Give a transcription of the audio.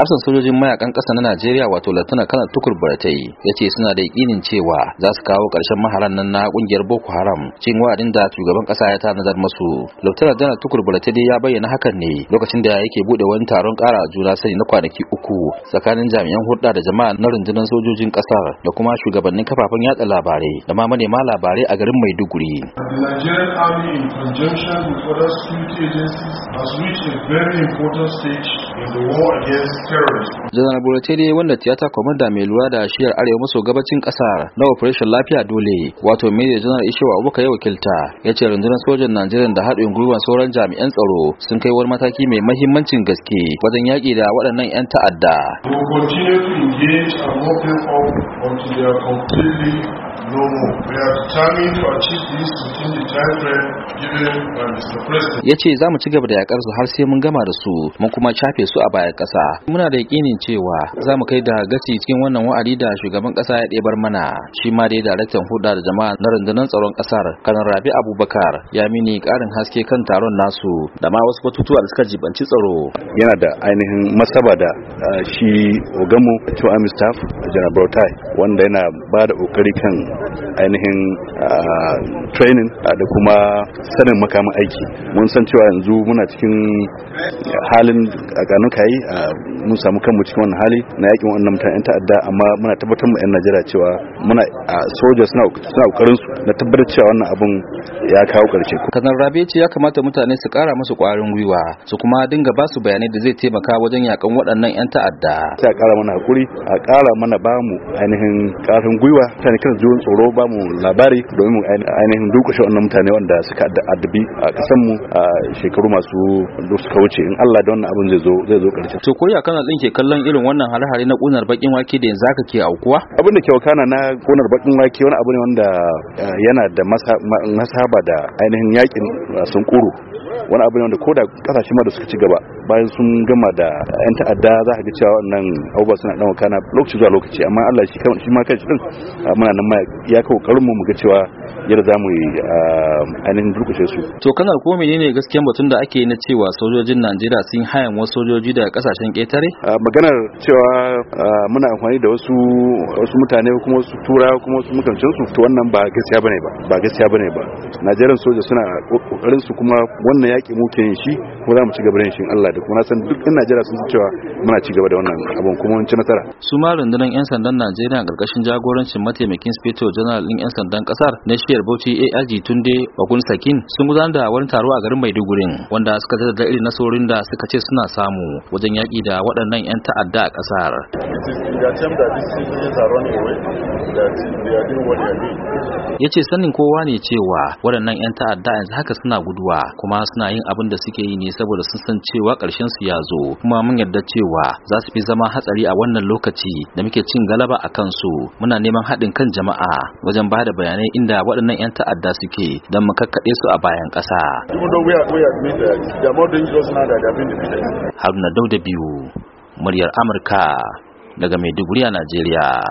hafsan sojojin mayakan ƙasa na Najeriya wato Latuna Kana Tukur baratai ya ce suna da yakinin cewa za su kawo ƙarshen maharan nan na ƙungiyar Boko Haram cin wa'adin da shugaban ƙasa ya ta tanadar masu. Latuna Janar Tukur baratai dai ya bayyana hakan ne lokacin da yake bude wani taron ƙara juna sani na kwanaki uku tsakanin jami'an hulɗa da jama'a na rundunar sojojin ƙasar da kuma shugabannin kafafen yatsa labarai da ma manema labarai a garin Maiduguri. Nigerian Army in conjunction with other security agencies has reached a very important stage in the war against Janar Buratere dai wanda tiyata kwamanda mai lura da shiyar arewa maso gabacin kasar na operation lafiya dole wato da Janar Ishewa abuka ya wakilta ya ce rundunar sojan Najeriya da haɗin gwiwar sauran jami'an tsaro sun kai wani mataki mai mahimmancin gaske wajen yaƙi da waɗannan 'yan ta'adda. no more. Ya ce za mu ci gaba da yakar su har sai mun gama da su mun kuma shafe su a bayan ƙasa. Muna da yakinin cewa za mu kai da gasi cikin wannan wa'adi da shugaban ƙasa ya ɗebar mana. Shi ma dai daraktan hulɗa da jama'a na rundunar tsaron ƙasar kanan Rabi Abubakar ya mini ƙarin haske kan taron nasu da ma wasu batutuwa da suka jibanci tsaro. Yana da ainihin masaba da ah, shi Ogamu Tuamistaff Janar Bautai wanda yana ba da ƙoƙari kan ainihin ah, training ah, da kuma sanin makamin aiki mun san cewa yanzu muna cikin halin ganin kayi ah, mun samu kanmu cikin wannan hali na yakin wannan mutane yan ta'adda amma muna tabbatar mu yan Najeriya cewa muna soja suna kokarin su na tabbatar cewa wannan abun ya kawo karshe kanar rabe ce ya kamata mutane su kara musu kwarin gwiwa su kuma dinga ba su bayanai da zai taimaka wajen yakan waɗannan yan ta'adda sai a kara mana hakuri a kara mana bamu ainihin karfin gwiwa tare kan tsoro ba mu labari domin mu ainihin shi wannan mutane wanda suka addabi a kasan mu a shekaru masu suka wuce in Allah da wannan abin zai zo zai zo karshe to koya kana din ke kallon irin wannan hare-hare na kunar bakin wake da yanzu aka ke aukuwa abin da wakana na kunar bakin wake wani abu ne wanda eh, yana da masaba da ainihin yakin eh, sun wani abu ne wanda ko da kasashe ma da suka ci gaba bayan sun gama da yan ta'adda za ka ga cewa wannan abubuwa suna dan wakana lokaci zuwa lokaci amma Allah shi kan shi ma kai shi din muna nan ma ya kawo karin mu mu ga cewa yadda za mu yi ah, ainihin durkushe su to kanar ko menene gaskiyan batun da ake na cewa sojojin najeriya sun hayan wasu sojoji daga kasashen ƙetare ah, maganar cewa ah, muna amfani da wasu wasu mutane kuma wasu tura kuma wasu mukamcin su to wannan ba gaskiya bane ba ba gaskiya bane ba najeriyan soja suna kokarin su kuma wannan yaki muke yin shi kuma za mu ci gaba da shi Allah da kuma na san duk ina jira sun cewa muna ci gaba da wannan abun kuma mun ci nasara su ma rundunar yan sandan Najeriya karkashin jagorancin mataimakin Inspector General din yan sandan kasar na shiyar Bauchi ARG Tunde Ogun Sakin sun gudanar da wani taro a garin Maiduguri wanda suka da irin nasarorin da suka ce suna samu wajen yaki da waɗannan yan ta'adda a kasar ya ce sanin kowa ne cewa waɗannan 'yan ta'adda yanzu haka suna guduwa kuma suna yin abin da suke yi ne saboda sun san cewa ƙarshen su ya zo kuma mun yarda cewa za su fi zama hatsari a wannan lokaci da muke cin galaba a kansu muna neman haɗin kan jama'a wajen ba da bayanai inda waɗannan 'yan ta'adda suke don mu kakkaɗe su a bayan ƙasa. Haruna Dauda biyu muryar Amurka daga Maiduguri a Najeriya.